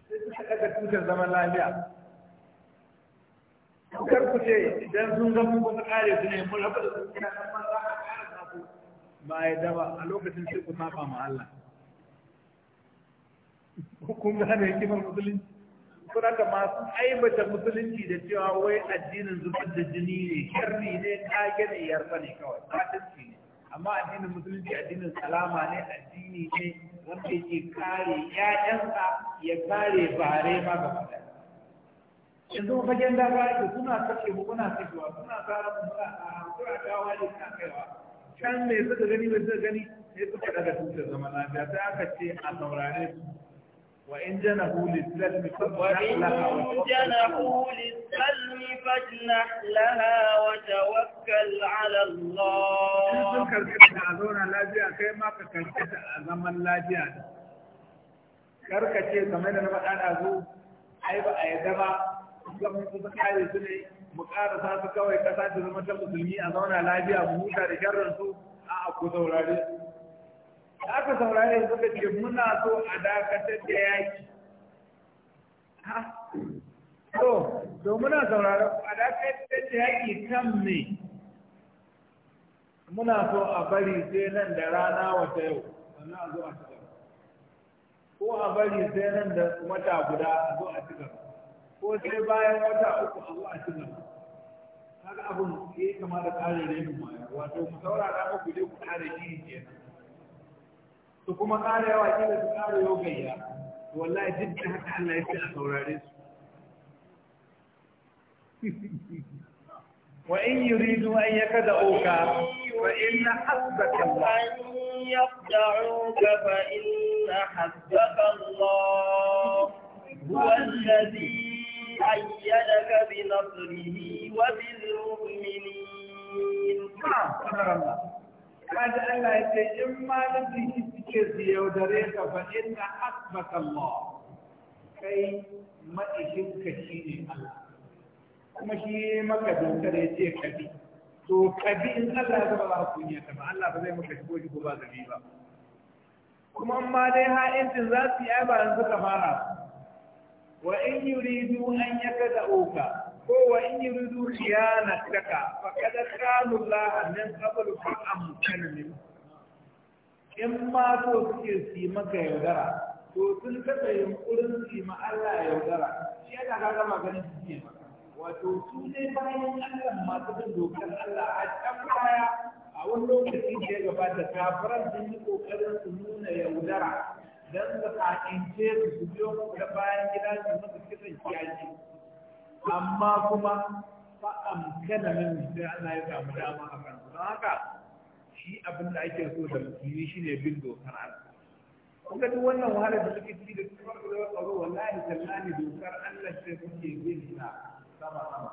sai suka ɗaga tutar zaman lafiya kar ku ce idan sun ga mun kuma kare su ne mun haɓa da su kina nan ma za a kare ba ya dama a lokacin sai ku saba ma Allah kun gane hikimar musulunci kun haka masu aibata musulunci da cewa wai addinin zubar da jini ne sharri ne kage ne yarfa ne kawai fatanci ne amma addinin musulunci addinin salama ne addini ne wanda yake kare ƴaƴansa ya kare bare ma gaba ɗaya yanzu fagen da ba ake suna kashe mu kuna kashewa suna tsara mu muna tsara kuna kawo ne suna kaiwa can me suka gani me suka gani sai suka daga tutar zaman lafiya sai aka ce a saurare su وإن جنحوا للسلم فاجنح لها وتوكل على الله. إن سكر كنت أزونا لاجئة كيما كنت أزمن لاجئة. karkace game da na faɗa da zu ai ba a yadda ba mun kusa kare su ne mu ƙara sa kawai ƙasa ta zama ta musulmi a zauna lafiya mu da sharrin su a da aka saurare suka ce muna so a dakatar da yaki to to muna saurare a dakatar da yaki kan me muna so a bari sai nan da rana wata yau sannan a zo a ci gaba ko a bari sai nan da wata guda a zo a ci gaba ko sai bayan wata uku a zo a ci gaba kaga abun ya kama da ƙarin renin waya wato mu saurara muku dai ku ƙara shiri kenan su kuma ƙara yawa kila su ƙara yau gayya wallahi duk da haka Allah ya ce a saurare su wa in yuridu an yakada'uka fa inna hasbaka Allah يخدعوك فإن حسبك الله هو الذي أيدك بنصره وبالمؤمنين. kaji Allah ya ce in ma nufi suke ziyaudare ka fa inna Allah kai ma'ishin ka Allah kuma shi maka dokar ya ce ka to ka in Allah ya zama ba kunya ba Allah ba zai maka shigo shigo ba gabi ba kuma ma dai ha'incin za su yi ba yanzu ka fara wa in yuridu an yakada uka ko wa in yuridu khiyanataka faqad kanu Allah min qabl fa amkana min in ma to suke su maka yaudara to sun kasa yunkurin su ma Allah yaudara shi yana ga gama ganin su ce wato su ne bayan Allah masu bin dokar Allah a can baya a wani lokaci da ya gabata kafiran sun yi kokarin su nuna yaudara dan su ka'ince su su biyo da bayan gida su musu kisan kiyaye amma kuma fa amkana min sai Allah ya samu dama a kan don haka shi abin da ake so da musulmi shine bin dokar Allah kuma duk wannan wahala da suke ci da kuma da tsaro wallahi tallahi dokar Allah sai kuke bin ta sama sama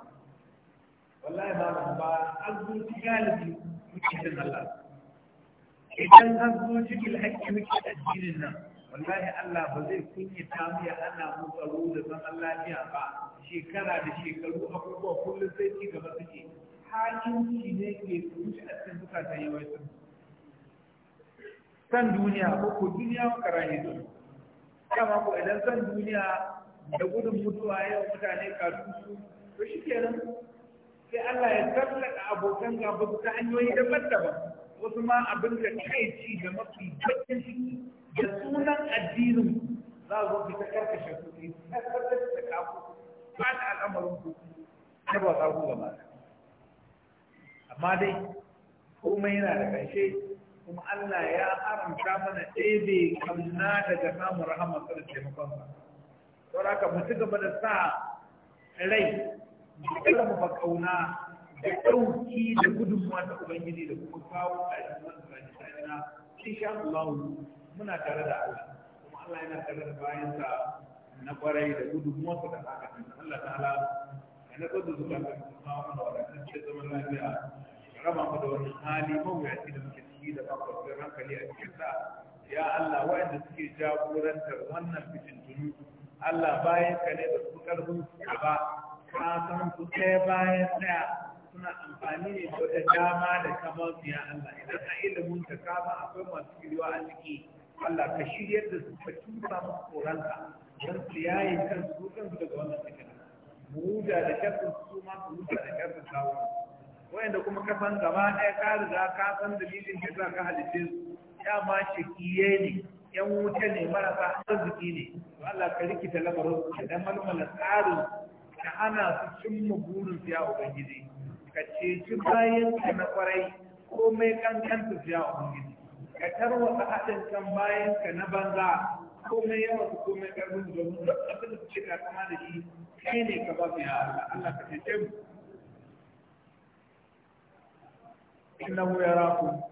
wallahi ba ba azuci galibi muke Allah idan azuci bil hakki muke addinin nan wallahi Allah ba zai kunyata mu ya ana mu da da zaman lafiya ba shekara da shekaru abubuwa kullum sai ci gaba suke shi ne ke rushe a cikin zukatan yawancin san duniya ko ko duniya maka rahe don kama ko idan san duniya da gudun mutuwa yau mutane su, to shi kenan sai Allah ya tsallaka abokan gaba ta hanyoyi daban-daban wasu ma abin da kai ci da mafi bakin ciki da sunan addinin za a zo ta karkashe kuɗi ta karkashe ta kafu ba ta al'amarin ku ta ba kafu ba mata amma dai komai yana da ƙarshe kuma Allah ya haramta mana ɗebe kamna daga samun rahama da taimakon sa saboda haka mu ci gaba da sa rai da kada mu ba kauna da ɗauki da gudunmuwa ta Ubangiji da kuma kawo a yanzu da rajina, insha Allah muna tare da Allah kuma Allah yana tare da bayansa na kwarai da gudu gudunmuwarsa da haka Allah ta ta'ala ya na tsada zuwa ga kuma wanda wadatacce zaman lafiya raba mu da wani hali mawuyaci da muke ciki da kwakwasar hankali a cikin sa, ya Allah waɗanda suke jagorantar wannan fitin tuni. Allah bayan ka ne da su karfin ka ba ka san su ɗaya bayan ɗaya suna amfani ne da wata dama da kamar ya Allah idan a ilimin ka kama akwai masu kiriwa a ciki Allah ka shirya da su ka tuba musu tsoronka don su yaye su daga wannan fitina mu da sharrin su ma su huta da sharrin kawo da kuma ka gaba ɗaya ka riga ka san dalilin da za ka halitta su dama kiye ne yan wuta ne marasa arziki ne to Allah ka rikita lamarin su da malmala tsarin da ana su cimma burin su ya ubangiji ka ceci bayan ka na kwarai komai kankan su ya ubangiji ka tarwata haɗin kan bayan ka na banza komai yawa su komai ƙarfin domin duk abin da suke takama da shi kai ne ka ba mu ya Allah Allah ka cece mu ya yarakum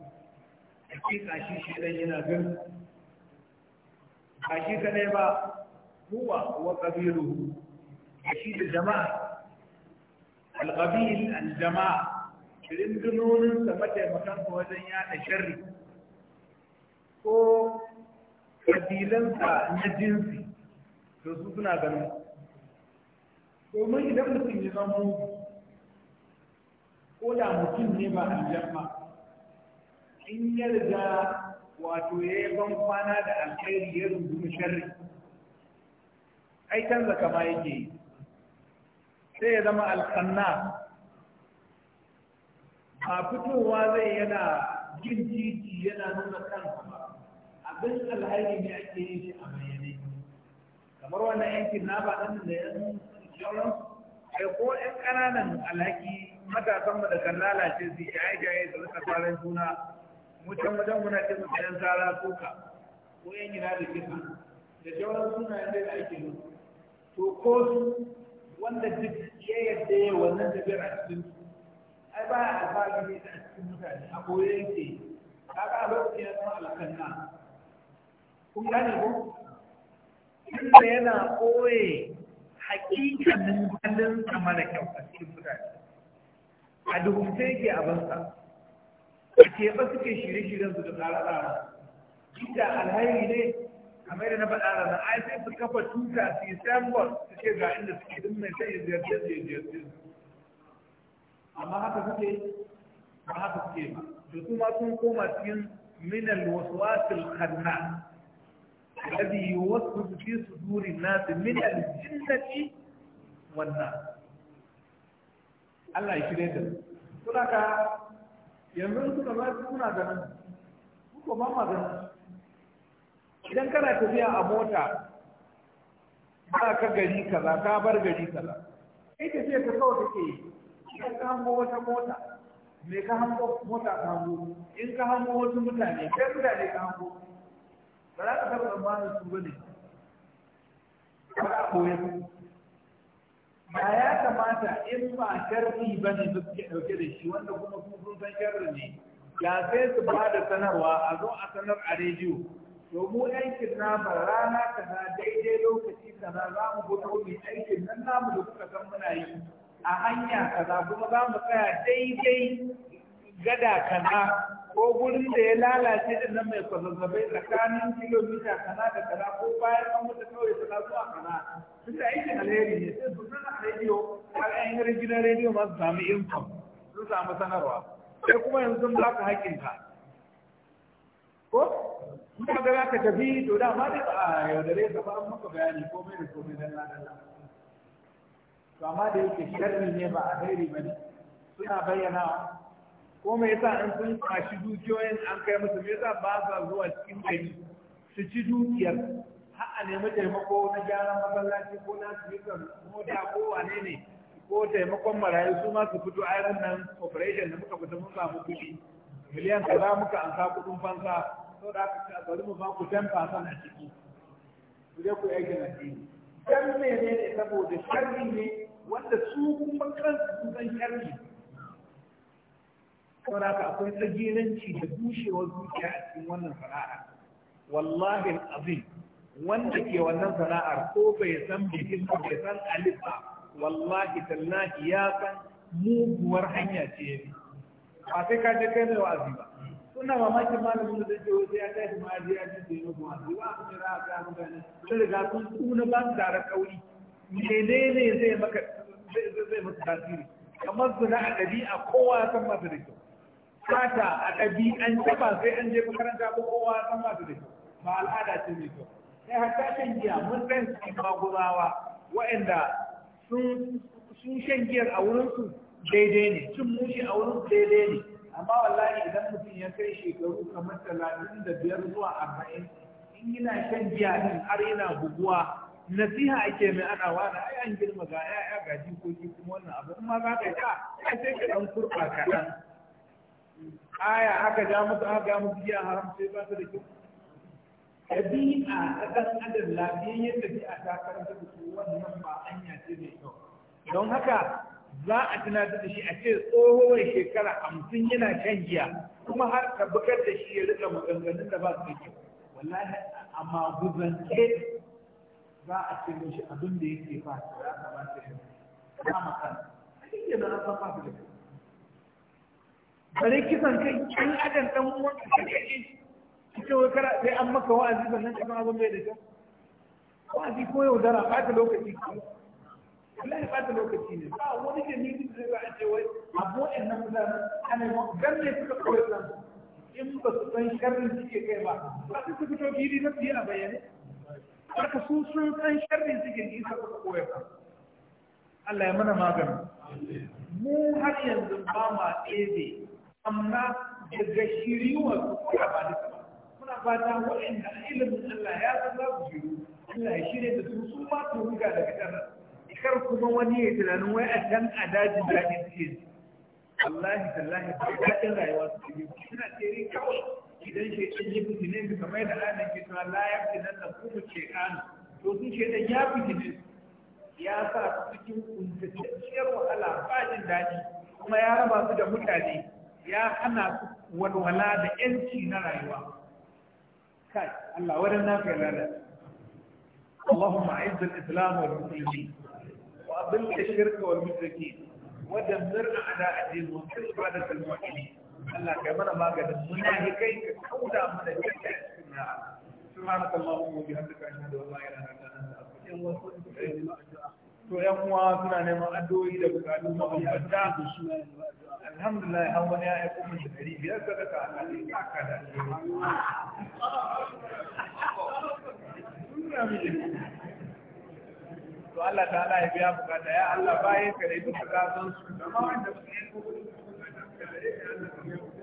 hakika shi shi dan yana gani ba shi kadai ba huwa wa qabiluhu shi da jama'a al-qabil al-jama'a rindinonin sa mataimakan wajen yada sharri ko kabilansa na jinsi to su suna ganin domin idan mutum ya zama ko da mutum ne ba aljan in ya riga wato ya yi ban kwana da alkhairi ya rungumi sharri ai canza kama yake sai ya zama alkanna a fitowa zai yana jin titi yana nuna kansa abin alhaji ne ake yi shi a bayyane kamar wannan yankin na ba nan da yan shauran kai ko yan ƙananan alhaki matasan mu da kan lalace su ya yi jaye da suka tsarin juna mutum wajen muna ce musu yan tsara kuka ko yan gina da kisa da shauran sunayen da ake yi to ko su wanda duk ya yadda ya wannan tafiyar a cikin ai ba a alfahari ne a cikin mutane a koyo yake kaga a lokacin ya zama alkanna kun gane ko inda yana koye hakikanin halin sama da kyau a cikin mutane a duhunta yake abansa a keɓe suke shirye-shiryen su da tsara-tsara inda alhairi ne kamar da na faɗa da na ai sai su kafa tuta su yi sambon su ce ga inda suke din mai sai ziyarce su ziyarce amma haka suke ba haka suke ba da kuma sun koma cikin minal waswasil khannas الذي يوسوس في صدور الناس من الجنة والناس Allah ya shirye da kuna ka yanzu kuna ba kuna ganin su, ko ba ma ganin idan kana tafiya a mota ba ka gari kaza ka bar gari kaza kai tafiya ta kawai take idan ka hango wata mota me ka hango mota ka hango in ka hango wasu mutane kai mutane ka hango ba za ka taɓa tsammanin su ba ne ba koya. ba ya kamata in ba sharri ba ne suke ɗauke da shi wanda kuma sun san sharri ne ya sai su ba da sanarwa a zo a sanar a rediyo domin aikin ba rana kaza daidai lokaci kaza za mu gudu mu aikin nan namu da kuka san muna yi a hanya kaza kuma za mu tsaya daidai gada kana ko gurin da ya lalace da nan mai kwazazzabai tsakanin kilomita kana da kana ko bayan an mutu kawai sana zuwa kana duk da aikin alheri ne sai su zana rediyo har an yi gidan rediyo masu sami info sun samu sanarwa sai kuma yanzu ba ka haƙƙinka ko kuma ga za ka tafi to da ma dai ba a yaudare ka ba maka bayani komai da komai dalla dalla to amma da yake sharri ne ba alheri ba ne suna bayyana ko me yasa an sun kashi dukiyoyin an kai musu me yasa ba sa zuwa cikin gari su ci dukiyar har a nemi taimako na gyaran masallaci ko na tuwitar mota ko wane ne ko taimakon marayu su ma su fito ayyukan nan operation da muka fita mun samu kuɗi miliyan za muka an sa kuɗin fansa sau da aka bari mu ba ku fasan a ciki ku je ku aikin addini dan mene ne saboda sharri ne wanda su kuma kansu sun san sharri saboda haka akwai tsagiranci da bushewar zuciya a cikin wannan sana'ar wallahi azim wanda ke wannan sana'ar ko bai san bikin ko bai san alif ba wallahi tallahi ya san muguwar hanya ce ba sai ka je kai mai wa'azi ba suna mamakin malamin da zai wasu ya tashi ma ya ji da yi muku wa'azi ba abin da za a ga mutane sun riga sun kuna ba su tara kauri menene zai maka zai maka tasiri kamar zina a ɗabi'a kowa ya san masu da kyau fata a ɗabi'an taba sai an je makaranta ko kowa san ba su da kyau ba al'ada ce mai kyau sai hatta shan giya mun san su gurawa waɗanda sun shan giyar a wurinsu daidai ne cin mushi a su daidai ne amma wallahi idan mutum ya kai shekaru kamar talatin da biyar zuwa arba'in in yana shan giya din har yana buguwa nasiha ake mai ana wani ai an girma ga 'ya'ya ga jikoki kuma wannan abu in ma za ka sha sai ka ɗan kurɓa kaɗan aya aka ja musu aka ga musu giya haram sai ba su da kyau ɗabi'a ta ɗan adam lafiyayyen a ta karanta da su wannan ba hanya ce mai kyau don haka za a tunatar da shi a ce tsohon shekara hamsin yana shan giya kuma har tabbatar da shi ya rika maganganun da ba su da kyau wallahi a maguzance za a ce shi abin da yake ba ta yi ba kama kan a cikin da na san ba su da kyau bare kisan kai an adam dan uwan ka kake ji kike wai kara sai an maka wa'azi sannan ka san abin bai da kyau wa'azi ko yaudara ba ta lokaci wallahi ba ta lokaci ne ba wani da ni zai ba a ce wai abu wa'annan mutanen ana yi ganne suka kawai san in ba su san sharrin suke kai ba ba su fito fili na fiye a bayyane haka su sun san sharrin suke ji suka koya ba Allah ya mana magana mu har yanzu ba ma ɗebe amma daga shiriwar ya ba da ba muna fata waɗanda ilimin Allah ya san za su shiru Allah ya shirya da su su ma su huga daga tana kar kuma wani ya tunanin wai a can a daji daɗin suke wallahi tallahi ba daɗin rayuwa su ke suna tsere kawai idan shi ɗin yi ne su mai da ana ke tuwa la ya fitinan da kuma ce ƙanu to sun ce ɗan ya ne ya sa su cikin kuntatacciyar wahala ba jin daɗi kuma ya raba su da mutane ya hana walwala da ‘yanci na rayuwa. Kai, Allah, wadda na fi rada. Allahumma aizin Islam wa Musulmi, wa abin da shirka wa Musulmi, wadda murna a da ajiye mutum ba da zalmaki ne. Allah, kai mana maganin muna yi kai ka kauda mana da yake cikin ya. Subhanakallahumma wa bihamdika ashhadu an la ilaha illa anta astaghfiruka wa atubu ilayk. to yan uwa suna neman addu'o'i da bukatu mabambanta alhamdulillah har wani ya aiko min da dari biyar sadaka a kan haka da to Allah ta Allah ya biya bukata ya Allah bayan ka da duka kasan su da ma wanda su ne ko da